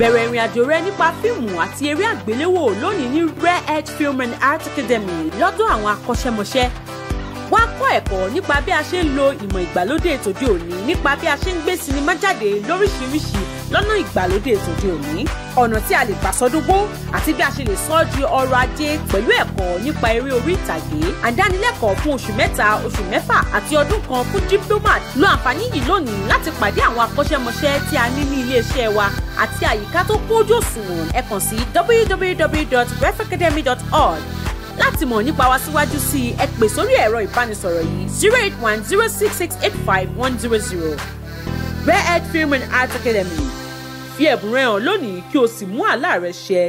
Bẹ̀rẹ̀ ìrìn àjò rẹ nípa fíìmù àti eré àgbéléwò lónìí ní Rare Edge Film and Art Academy lọ́dọ̀ àwọn akọ́ṣẹ́mọṣẹ́ wá kọ́ ẹ̀kọ́ nípa bí a ṣe ń lo ìmọ̀ ìgbàlódé tòde òní nípa bí a ṣe ń gbé sinimá jáde lóríṣiríṣi lọ́nà ìgbàlódé tòde òní ọ̀nà tí a lè gbà sọdúnwó àti bí a ṣe lè sọ ọ́ di ọrọ̀ ajé pẹ̀lú ẹ̀kọ́ nípa eré orí ìtàgé àdánilẹ́kọ̀ọ́ fún oṣù mẹ́ta oṣù mẹ́fà àti ọdún kan fún diplomat lo àǹfààní yìí lónìí láti pàdé àwọn akọ́ṣẹ́mọṣẹ́ tí a ní ní iléeṣẹ́ wa àti àyíká tó kójú òṣùwọ̀n ẹ kàn sí www.refacademy.org láti mọ̀ nípa wa síwájú sí i ẹ pè sórí ẹ̀rọ ìbánisọ̀rọ̀ yìí zero eight one zero six six eight five one zero zero Rare Earth Film and Art Academy fi ẹ̀bùn rẹ hàn lónìí kí o sì mú àlá rẹ ṣẹ.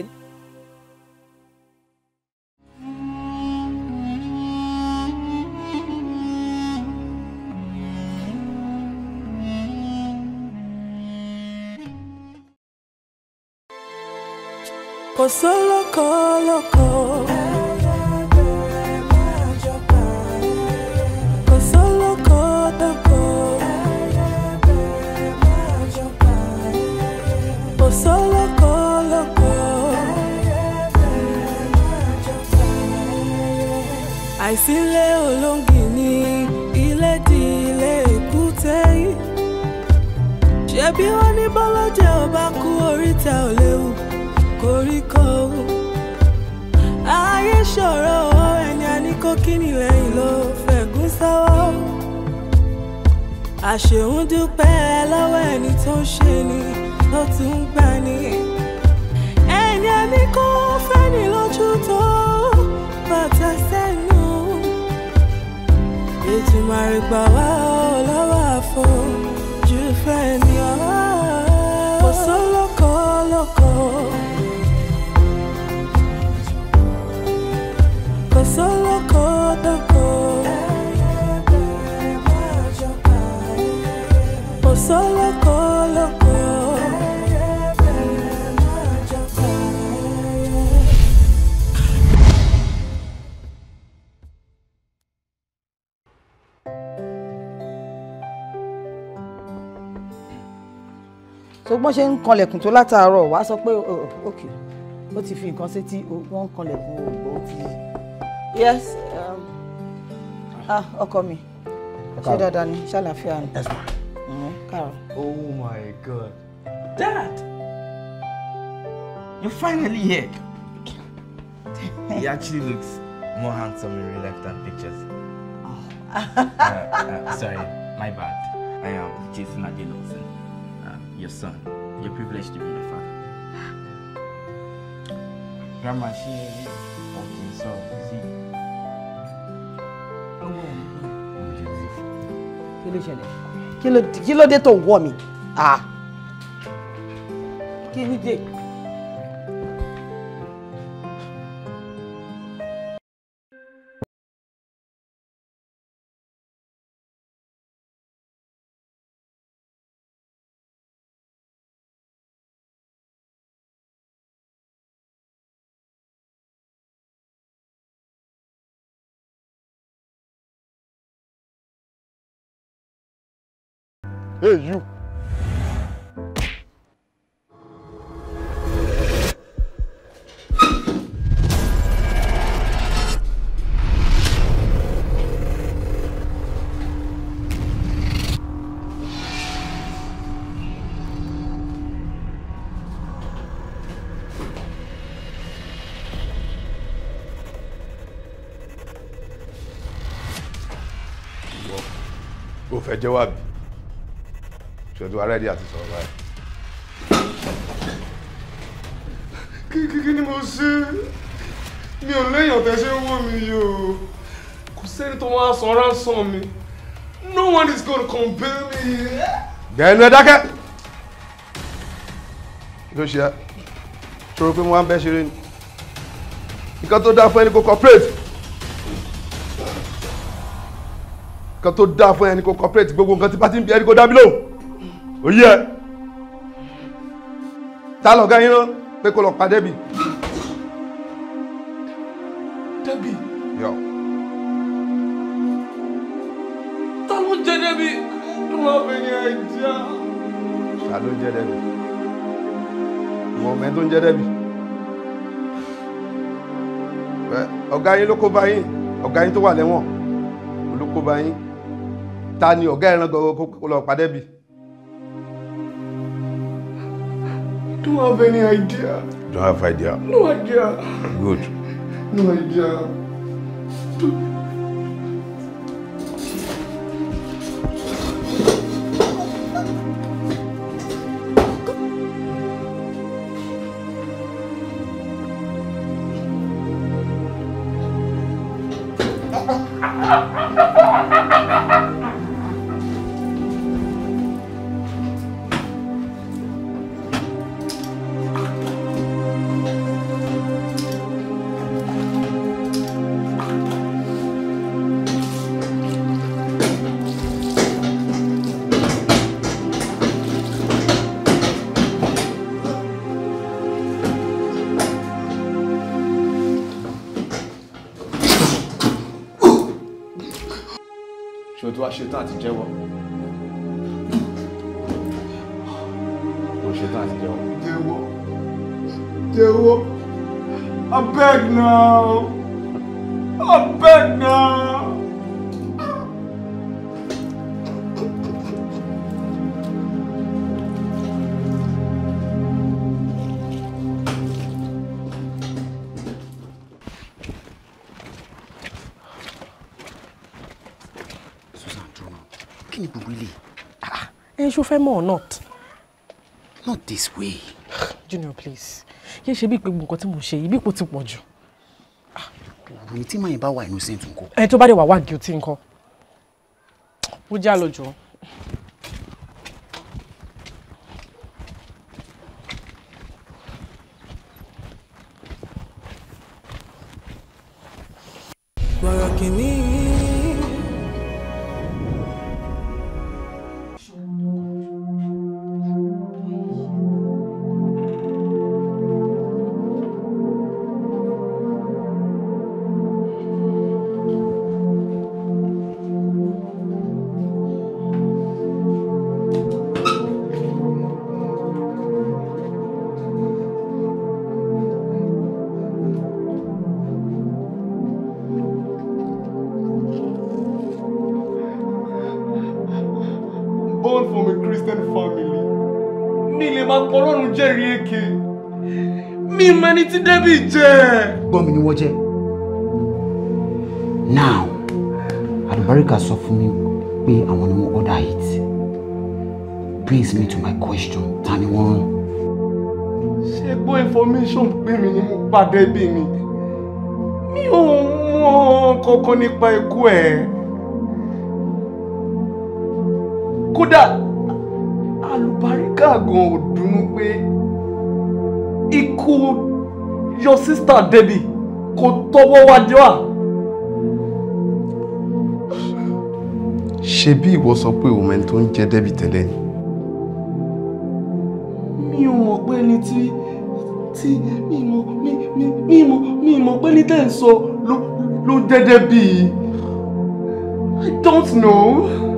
kò sólókòólókòó. àìsílé olóńgì ni ilé di ilé èkúté yìí ṣebí wọn ní bọ́lọ́jẹ́ ọba kú oríta ò léwu koríko wù ayé ṣòro ẹni àníkókínì lẹ́yìn ló fẹ̀gún sọ́wọ́ àṣehùn dúpẹ́ lọ́wọ́ ẹni tó ń ṣe ni ó tún ń gbani ẹni àníkó fẹ́ni lójú tó. ètùmàrè gbà wá ọ lọ́wọ́ àfọ̀. bọ́n ṣe ń kanlẹ̀kùn tó látàárọ̀ wàá sọ pé oh, oh, ok ó ti fi nǹkan sétí wọ́n ń kanlẹ̀kùn ògbó ti. yes um, ah, ọkọ mi ṣé dáadáa ni ṣàlàáfíà ni. Mm-hmm, káàárọ̀. oh my god dad you're finally here he actually looks more handsome in real life than pictures. Oh. uh, uh, sorry my bad I am Jason Adelson your son. You're privileged to be your father. Grandma, she okay, so is he? Kí ló ṣẹlẹ̀? Kí ló dé tó ń wọ̀ mí? Ah. Kí ni dé? Hey, you. Ó, o fẹ́ ṣètò wa ready àti sọ̀rọ̀ báyìí. kíkíkí ni mo ṣe mi ò léèyàn tẹ ṣe ń wò mí kò sẹ́ni tó máa sọ ransom mi no one is gonna compel me. bẹ́ẹ̀ni ẹ dákẹ́ ló ṣe é ṣòro pé mo wá ń bẹ́ ṣeré ni nǹkan tó dáa fún ẹni kó cooperate nǹkan tó dáa fún ẹni kó cooperate gbogbo nǹkan tí bá ti ń bí ẹni kó dá mi lóhùn òye ẹ ta lọ̀gá yín rán pé kó lọ pa Debbie. Debbie. yọ. ta ló jẹ Debbie ọmọbìnrin ẹ jẹ. ta ló jẹ Debbie ìwọ ọmọ ẹ tó ń jẹ Debbie ọ̀gá yín ló kó bá yín ọ̀gá yín tó wà lẹ́wọ̀n ló bá yín ta ni ọ̀gá ẹran gbogbo kó lọ pa Debbie. Don't have any idea. Don't have idea? No idea. Good. No idea. ṣé o ti wá ṣetán àti jẹ́wọ́ o ṣetán àti jẹ́wọ́. jẹ́wọ́ jẹ́wọ́ abeg now abeg now. ṣó fẹ́ mọ̀ or not. not this way. junior please yé ṣe bí ìpè gbogbo nǹkan tí mo ṣe yìí bí ipò ti pọ̀ jù. òye ah, tí màá yín bá wà innocent ńkọ́. ẹni tó bá dé wà wá guilty ńkọ́. ó já lọ jọ. kìíní tí David jẹ́. gbọ́n mi ni wọ́n jẹ́. now alubarika sọ fún mi pé àwọn ni wọ́n order it brings me to my question ta ni wọ́n rán. ṣé gbọ́ information pé mi ni mo pàdé bí mi mi ò mọ̀ kankan nípa ikú ẹ̀ kódà alubarika gan ò dùnnú pé ikú your sister Debbie kò tọwọ́ wa jọ à. ṣebí ìwọ sọ pé òun ẹni tó ń jẹ Debbie tẹ́lẹ̀ ni. mi ò mọ̀ pé ẹni tí tí mi mọ̀ mi mi mi mọ̀ mi mọ̀ pé ẹni tẹ́ ń sọ ló ló jẹ́ Debbie I don't know.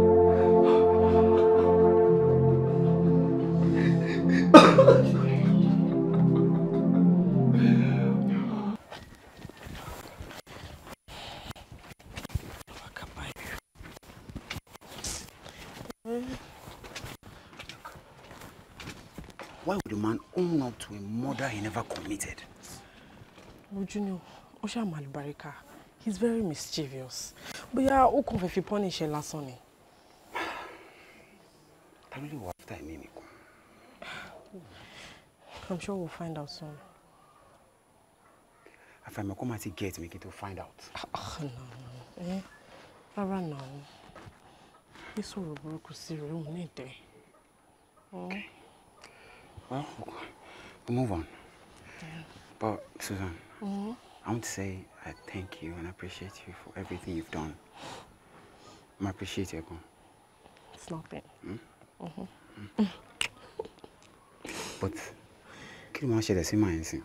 irritated. Would you know? Osha Malibarika. he's very mischievous. Bóyá ó kàn fẹ́ fi punish ẹ last Sunday. Ta ló lè wá after ẹ̀mí I'm sure we'll find out soon. Àfàìmọ̀ kó máa ti get mi kí n tó find out. Ah, eh, rárá náà, ní sọ̀rọ̀ burúkú sí rẹ̀ òun ní Okay. Well, we'll move on. But, Susan, mm -hmm. I want to say I thank you and appreciate you for everything you've done. I'm appreciable. It's nothing. Mm? Mm -hmm. mm. But, kí ló máa ṣẹlẹ̀ sí màá yẹn sìn?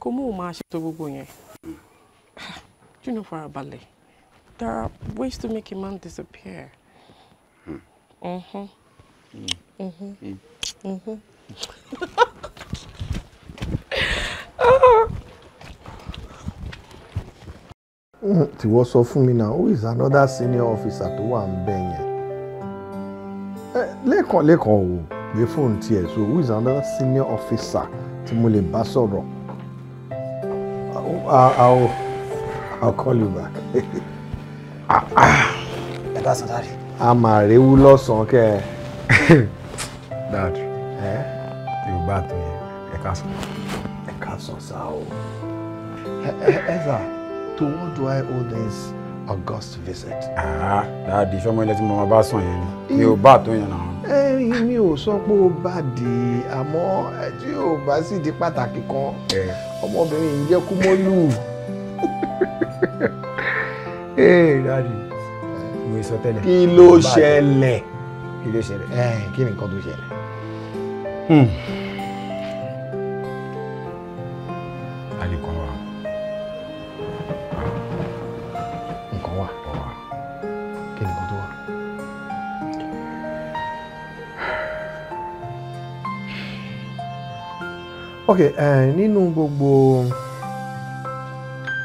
Kò mú òun máa ṣètò gbogbo yẹn. Júnà hmm. farabalẹ̀. There are ways to make a man disappear. Mm. Mm-hmm. Mm. Mm-hmm. Mm. Mm-hmm. tiwọ sọ fún mi náà who is another senior officer tó wà ń bẹ yẹn lẹ́ẹ̀kan lẹ́ẹ̀kan ò gbé fóònù tiẹ̀ so who is another senior officer tí mo lè bá sọ̀rọ̀ I'll, I'll call you back. ah, a máa rewú lọ́sàn-án kẹ́ ẹ. dad yorùbá tó yẹ ẹ ká sọ. ẹ ká sọ sáà o ẹ ẹ ẹ sà. To what do I owe this august visit? Ah, ìfẹ́ ọmọdé tí mo máa bá sàn you. ni. Mi eh, ò now. Eh, yẹn náà. Ẹyin eh, mi ò sọ pé ó bá di àmọ́ tí ò bá sì di pàtàkì kan. Eh. Ọmọbìnrin yìí jẹ́ kú mọ́lù. Ee dáàdi, mo sọ tẹ́lẹ̀. Kí ló ṣẹlẹ̀? Kí ló ṣẹlẹ̀? Kí ni nǹkan tó ṣẹlẹ̀? Hmm. ok nínú gbogbo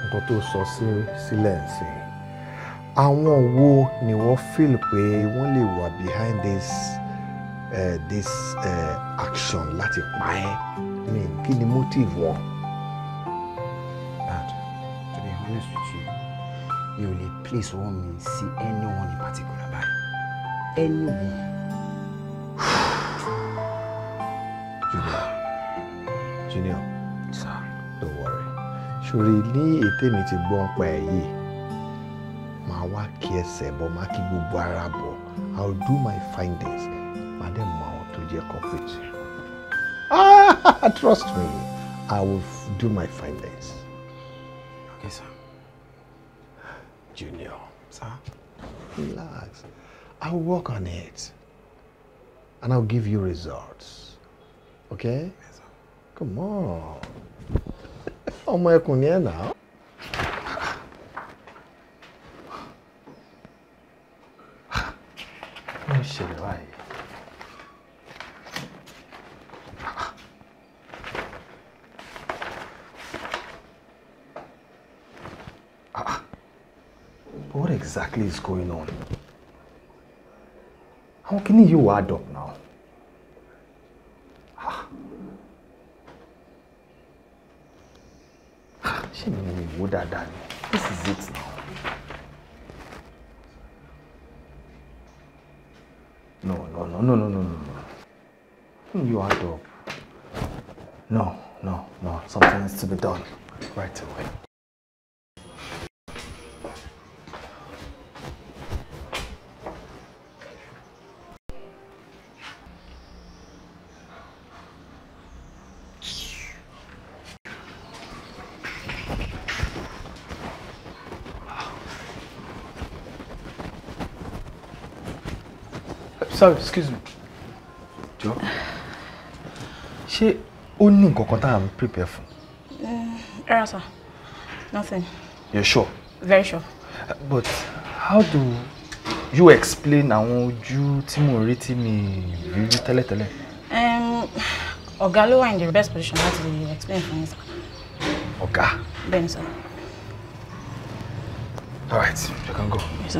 nǹkan tó sọ sílẹ̀ sí àwọn wo ni wọ́n feel pé wọ́n lè wà behind this uh, this uh, action láti pa ẹ́ ní kí ni motive wọn. dad to be honest with you you ò please place one mi anyone in particular by anyone. junior sir don't worry Surely ní ètè mi ti gbọ́ ọ̀pá ẹ̀ yìí màá wá kí ẹsẹ̀ bọ̀ màá kí gbogbo ara bọ̀ i will do my findings màá dẹ̀ mọ àwọn tó jẹ́ corporate ah trust me i will do my findings. okay sir. junior. sir. relax i will work on it and i will give you results okay. Yeah. Come on. Ọmọ ẹkùn ni ẹ nà What exactly is going on? How can you add up now? dáadáa ni this is it now. sorry excuse me jọ ṣé ó ní nǹkan kan tá à ń prepare fún. Eh, rárá sir nothing. you sure. very sure. but how do you explain àwọn ojú tí mò ń rí tí mi rí rí tẹ́lẹ̀tẹ́lẹ̀. ọ̀gá ló wà in the best position láti explain fún yín sir. ọ̀gá. bẹ́ẹ̀ ni sir. all right you can go. Yes,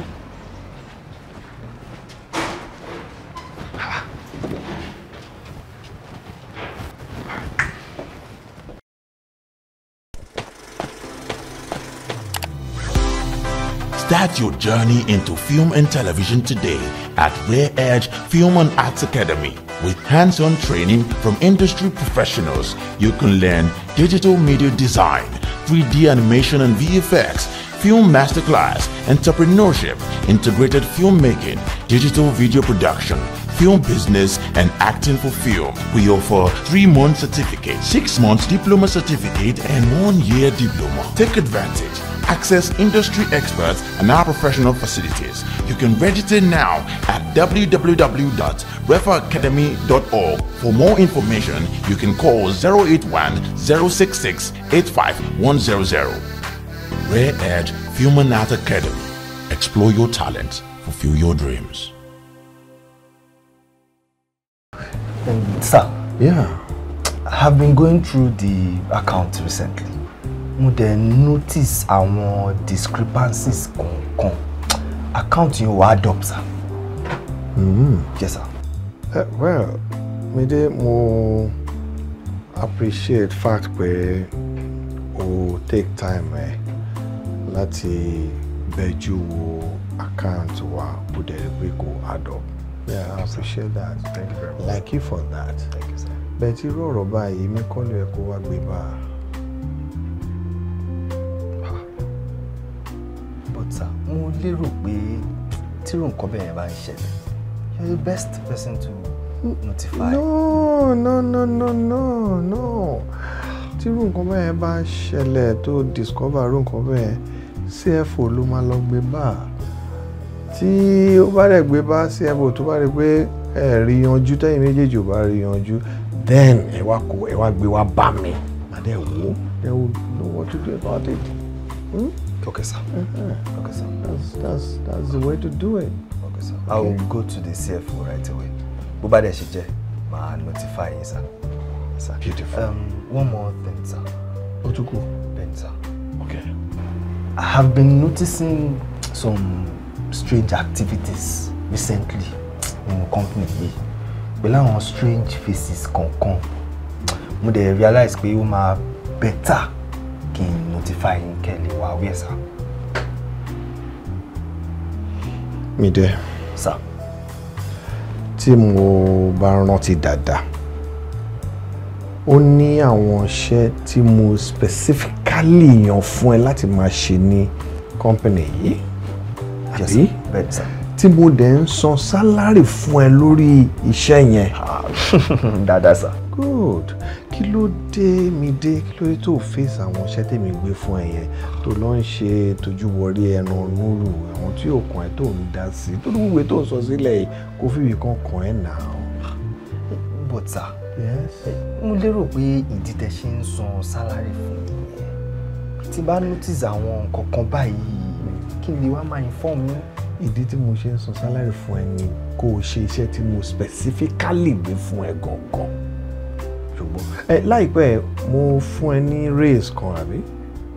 Start your journey into film and television today at Rare Edge Film and Arts Academy. With hands-on training from industry professionals, you can learn digital media design, 3D animation and VFX, film masterclass, entrepreneurship, integrated filmmaking, digital video production, film business and acting for film. We offer 3-month certificate, 6 month diploma certificate and 1-year diploma. Take advantage access industry experts, and our professional facilities. You can register now at www.referacademy.org. For more information, you can call 081 066 85100. Rare Edge Human Art Academy. Explore your talent, fulfill your dreams. Um, sir. Yeah. I have been going through the account recently. mo dẹ̀ notice àwọn discrepancies kọ̀ọ̀kan account yẹn wà add up sir. Mm. yes sir. Uh, well Mide mo appreciate fact pé o take time eh. láti beju wo account wa bó de pé kò add up. Yeah, I appreciate that. Thank you very much. Like you for that. Thank you, sir. Bẹ̀ẹ́tì rọ̀rọ̀ báyìí mi kọ́ ló yẹ kó wá gbé bá a. sà mo lérò pé tírò nǹkan bẹ́ẹ̀ yẹn bá ń ṣẹlẹ̀ you're the best person to notify. no no no no no no tírò nǹkan bẹ́ẹ̀ yẹn bá ń ṣẹlẹ̀ tó discover rò nǹkan bẹ́ẹ̀ CFO ló máa lọ gbé bá tí ó bá rẹ̀ gbé bá CFO tó bá rí pé ẹ̀ rí yanjú tẹ́yìn méjèèjì ò bá rí yanjú then ẹ wá kó ẹ wá gbé wá bá mi. màdẹ́ wo. ẹ wo know what to do about it. Hmm? Okay, sir. Uh -huh. Okay, sir. That's, that's, that's the way to do it. Okay, sir. Okay. I will go to the CFO right away. Bó bá dẹ̀ ṣe jẹ́, notify you, sir. sir. Beautiful. Um, one more thing, sir. Ó tún kù? sir. Okay. I have been noticing some strange activities recently in the company yìí pẹ̀lú àwọn strange faces con con. dẹ̀ realize pé ó better kí n notify yín kẹ́lẹ̀ wá wíẹ̀ sá. sir. dẹ. sá. tí mo bá rántí dáadáa ó ní àwọn iṣẹ́ tí specifically yàn fún ẹ láti company Yes, sir. tí sir. dẹ̀ then son salary fún lori lórí iṣẹ́ yẹn. Ah. dáadáa good kí ló dé mi dé kí ló dé tó fèsì àwọn iṣẹ́ tèmi gbé fún ẹ yẹn tó lọ ń ṣe tójú wọrí ẹnu onúrù àwọn tí ò kàn ẹ́ tó ń dá sí tó ní wíwé tó ń sọ sílẹ̀ yìí kó fìwé kan kàn ẹ́ nà án. bọ́tà mo lérò pé ìdí tẹ ṣe ń san sálárì fún mi tí bá notice àwọn nǹkan kan báyìí kí ni wàá máa inform mi ìdí tí mo ṣe ń san sálárì fún ẹ ni kó o ṣe iṣẹ́ tí mo specifically gbé fún ẹ gangan ṣùgbọ́n ẹ láìpẹ́ mo fún ẹ ní raise kan àbí.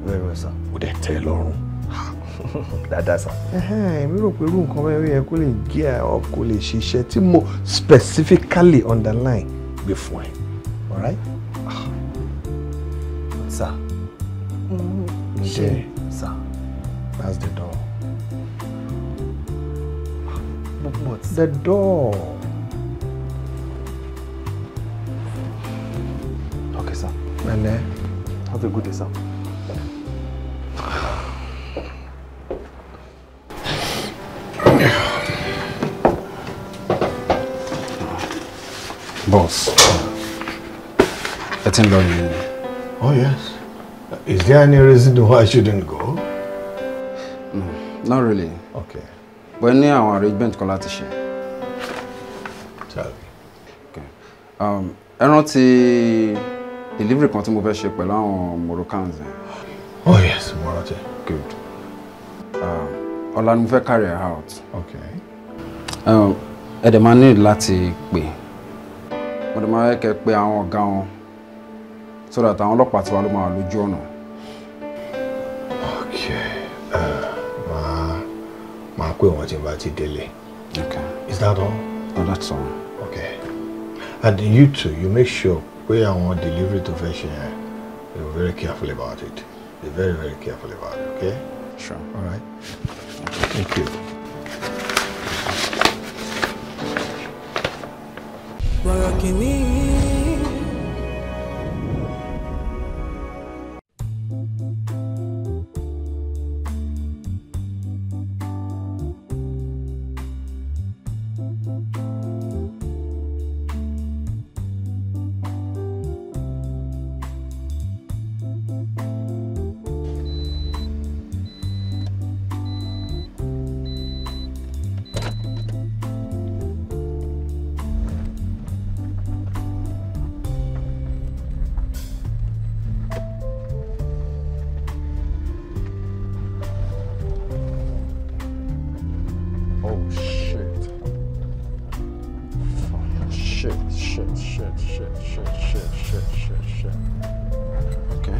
bẹ́ẹ̀ bẹ́ẹ̀ sà. ó dẹ̀ tẹ́ ẹ lọ́rùn. dáadáa sà. mi rò pé irú nǹkan bẹ́ẹ̀ yẹ kó lè gear up kó lè ṣiṣẹ́ tí mo specifically underline gbé fún ẹ. alright. sà. Mm-hmm. ǹjẹ́ sà. that's the door. the door. Lele. Have a good day, Boss, it's in London. Oh, yes. Is there any reason why I shouldn't go? No, not really. Okay. But ní àwọn arrangement kan láti ṣe. Tell me. Okay. Um, ẹ rántí delivery kan tí mo fẹ́ ṣe pẹ̀lú àwọn Moroccans yẹn. oh yes mo rántí. good ah, ọ̀la ni mo fẹ́ carry her out. okay. Ah, ẹ dẹ̀ máa need láti pè mo dẹ̀ máa kẹ́ pé àwọn ọ̀gá wọn so that àwọn ọlọ́pàá tiwa ló máa lójú ọ̀nà. okay ah, máa máa pè wọ́n tí n bá ti délé. okay. is that all? no that's all. okay and you too you make sure are on delivery tó fashion. ṣe yẹn are very careful about it We're very very careful about it okay. sure all right thank you. shit, shit, shit, shit, shit, shit, shit. Okay.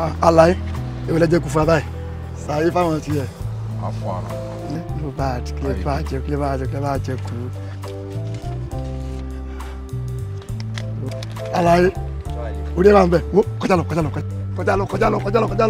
Ah, alai, you will let yìí, ṣàyè fáwọn tiẹ̀. Àfọ àrùn. Ló bá I kílé No bad, jẹ bad, bá bad, jẹ bad, bá bad, jẹ kú. Àlàyé, orí ẹ̀ bá ń bẹ̀, kọjá lọ kọjá lọ kọjá lọ kọjá lọ kọjá lọ kọjá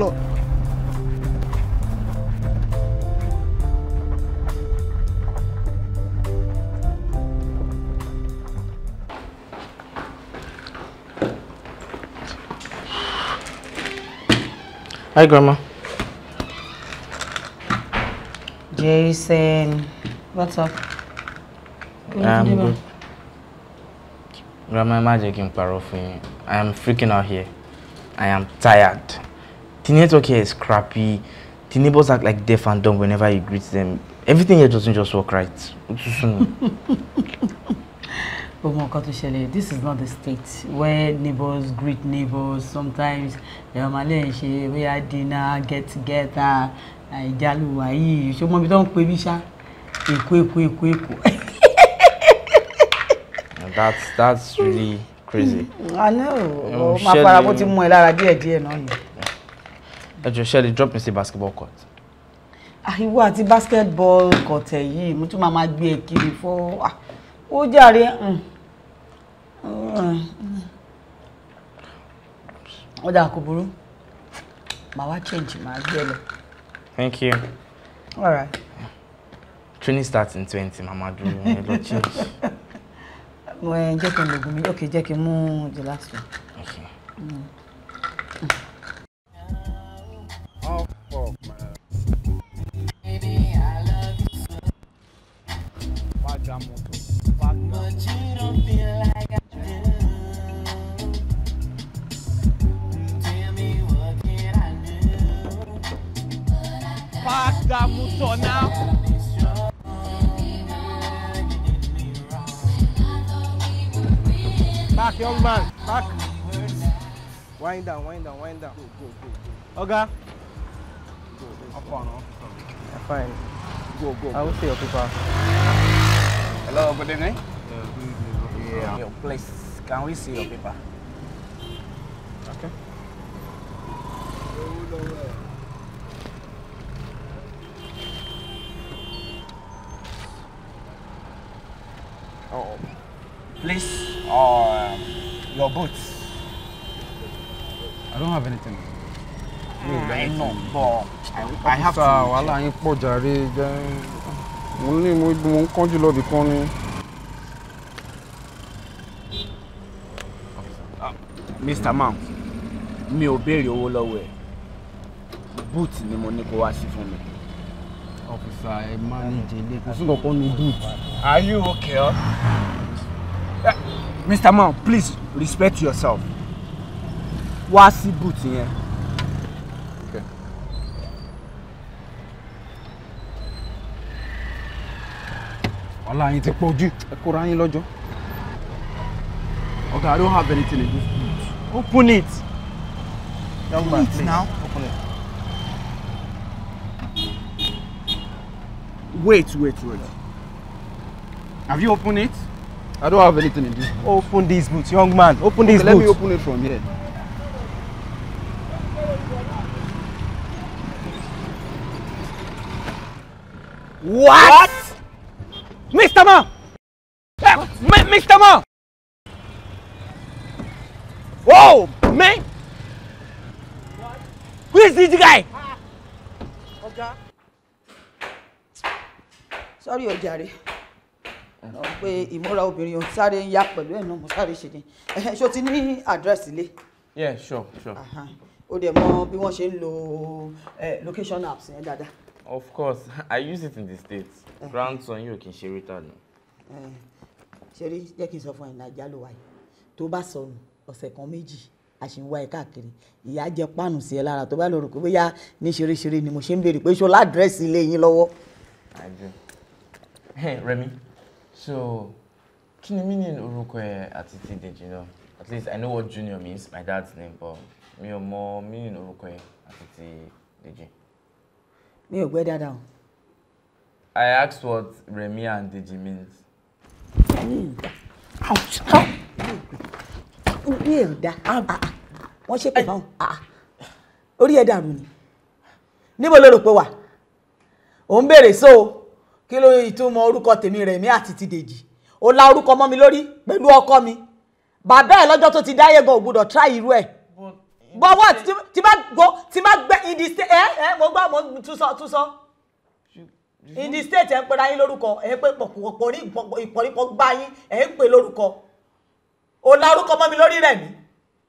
Hi, Grandma. Jason, what's up? I'm um, good. Grandma, má jẹ́ kí n parọ́ fún I am freaking out here. I am tired. The network here is crappy. The neighbors act like deaf and dumb whenever you greet them. Everything here doesn't just work right. ó mọ nǹkan this is not the state where neighbors greet neighbors sometimes we are dinner get together ìjálùwà yìí ṣé mọ́bi tó ń pe bí ṣá èkó èkó èkó èkó. that's that's really crazy. Mm, I know. máa fara bó ti mú ẹ lára díẹ̀ díẹ̀ drop me sí basketball court. àìwọ ah, the basketball court ẹ yìí mo tún máa máa gbé ó jàre ó dà kò burú màá wá change màá gbé e lọ. thank you. all right. training starts in twenty mama dúró ẹ lọ change. jẹ́ kí n lògùn mi ok jẹ́ kí n mú the last one. Okay. Mm. Oga. I'm fine, i Go, go, I will see your people. Hello, good evening. Yeah, good Yeah. Your place. Can we see your paper? Okay. Oh, please, uh, your boots. I don't have anything. ẹnà bọ̀ I have to. wàhálà yín pọ̀ jàre jẹ́ mo ní mo ń kánjú lọ́bì kan ni. Ah, Mr. Man mi ò béèrè owó lọ́wọ́ ẹ̀ boot ni mo ní kó wá sí fún mi. ọ̀fíìsà ẹ máa ní ìjẹ́lé kò sí kankan ní boot. Are you okay? Huh? Uh, eh, Mr. Man please respect yourself wá sí boot yẹn. Yeah ọ̀la yín ti pọ̀ jù. ẹ kóra yín lọ́jọ́. ọ̀gá i don't have anything in this boot. open it. young man please now. open it. wait wait wait. have you opened it. i don't have anything in this boot. open this boot young man open okay, this boot. let me open it from here. What? what? Mr. Ma! Uh, eh, Mr. Ma! Whoa! Man! What? Who is this guy? Ah. Sorry, Ojàre. Ẹ̀rọ pé ìmúra obìnrin ò sáré ń yá pẹ̀lú ẹ̀ náà mo sáré ṣe ni. Ṣé ti ní àdírẹ́sì ilé? Yeah, sure, sure. O dẹ̀ mọ bí wọ́n ṣe ń lo eh, location apps yẹn dáadáa of course i use it in the states grandson yóò kí n ṣe rita ni. Eh, ṣeré jẹ́ kí n sọ fún ẹ̀ nàìjà ló wáyé tó bá sọnù ọ̀sẹ̀ kan méjì a ṣì ń wá ẹ káàkiri ìyá jẹ páànù sí ẹ lára tó bá lọ rò pé bóyá ní ṣeréṣeré ni mo ṣe ń béèrè pé ṣọlá àdírẹ́sì ilé yín lọ́wọ́. Rẹmi so kí ni meaning orúkọ ẹ àti ti Dèjì náà at least i know what junior means my dad's name but mi ò mọ meaning orúkọ ẹ àti ti Dèjì mi ò gbẹ́ dáadáa o. I asked what Remi and Deji means. mi ò da ah, ah, ah. wọ́n ṣépè fáwọn orí ẹ̀ dàrú ni níbo ló rò pé wà ò ń béèrè so kí ló ìtumọ̀ orúkọ tèmi Rẹ̀mí àti ti Dèjì ó la orúkọ mọ́ mi lórí pẹ̀lú ọkọ mi bàbá ẹ̀ lọ́jọ́ tó ti dáyé gan ò gbọ́dọ̀ try irú ẹ̀ but what tí bá gbọ́ in the state ẹ eh, ẹ eh, mo gbọ́ mo tún sọ tún sọ in the state ẹ ń pera yín lórúkọ ẹ ń pè pọ̀pọ̀rí ìpọ̀rípọ̀ gbá yín ẹ ń pè lórúkọ o lárúkọ mọ́ mi lórí rẹ̀ mí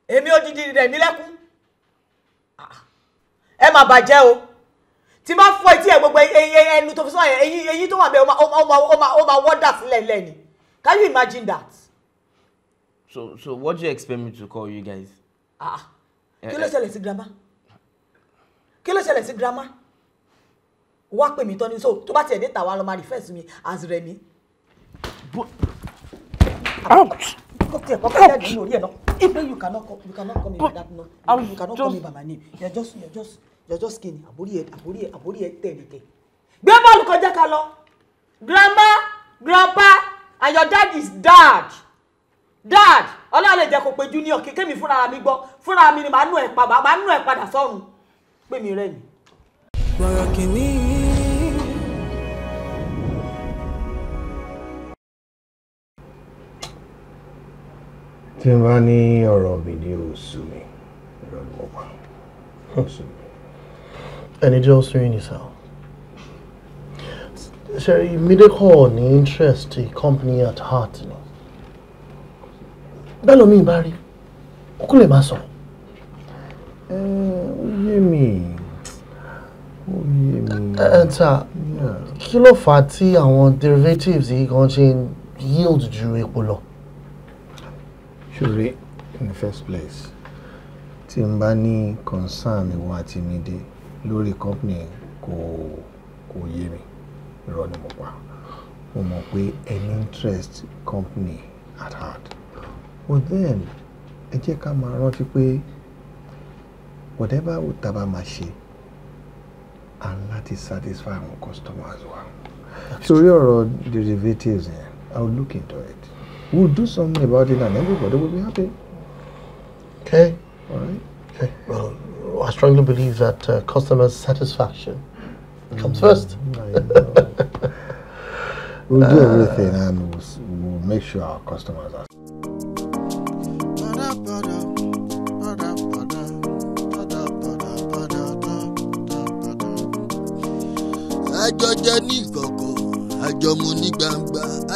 èmi ò dídì rẹ̀ mí lẹ́kún ẹ má bàjẹ́ o tí bá fọ etí ẹ gbogbo ẹnu tó fi sọ ẹyin ẹyin tó wà bẹ ó máa wọ́dà sílẹ̀ lẹ́ni can you imagine that. so so what do you expect me to call you guys. Ah, kí ló ṣẹlẹ̀ sí grandma kí ló ṣẹlẹ̀ sí girama wá pè mí tán so tó bá tiẹ̀ dé tàwa lọ́ọ́ máa rí fẹ́ẹ̀sì mi as rẹ̀ mi. out kò tiẹ̀ you cannot you cannot call me that name you cannot call me by my name you just you just you just skinny àbórí ẹ àbórí ẹ àbórí ẹ tẹ̀ nìkẹ́. gbé bọ́ọ̀lù kọjá ká lọ grandma grandpa and your dad is dad dad ọlọ́run lè jẹ́ kó pe junior kékeré mi fúnra mi gbọ́ fúnra mi ni màá nù ẹ̀ padà sọ́run pè mí rẹ̀ ni. gbọ̀rọ̀ kìíní. tí n bá ní ọ̀rọ̀ bìdí ò sú mi ọ̀rọ̀ ló wà o sú mi. ẹni tí ó sún yín ni sáà ní interest company at heart ni bẹ́ẹ̀ lómi ìbá rí kókó lè máa sọ̀rọ̀ ẹ ó yé mi ó yé mi. ẹ ta kí ló fà á tí àwọn derivatives yìí gan ṣe ń yield ju epo lọ. ṣòro in the first place tí n bá ní concern ìwọ àti mi dé lórí company kò kò yé mi irọ́ ni mo pa mo mọ̀ pé an interest company at heart but then ẹ jẹ́ ká máa rántí pé. whatever Utaba máa ṣe a ń láti satisfy customer as well. So your derivatives I will look into it we will do something about it and everybody will be happy. Okay. All right. Okay. Well, I strongly believe that uh, customer satisfaction comes mm, first. we'll do uh, everything and we'll, we'll make sure our customers are. jọjẹ ní ìkọ̀kọ̀ àjọmu ní gbangba.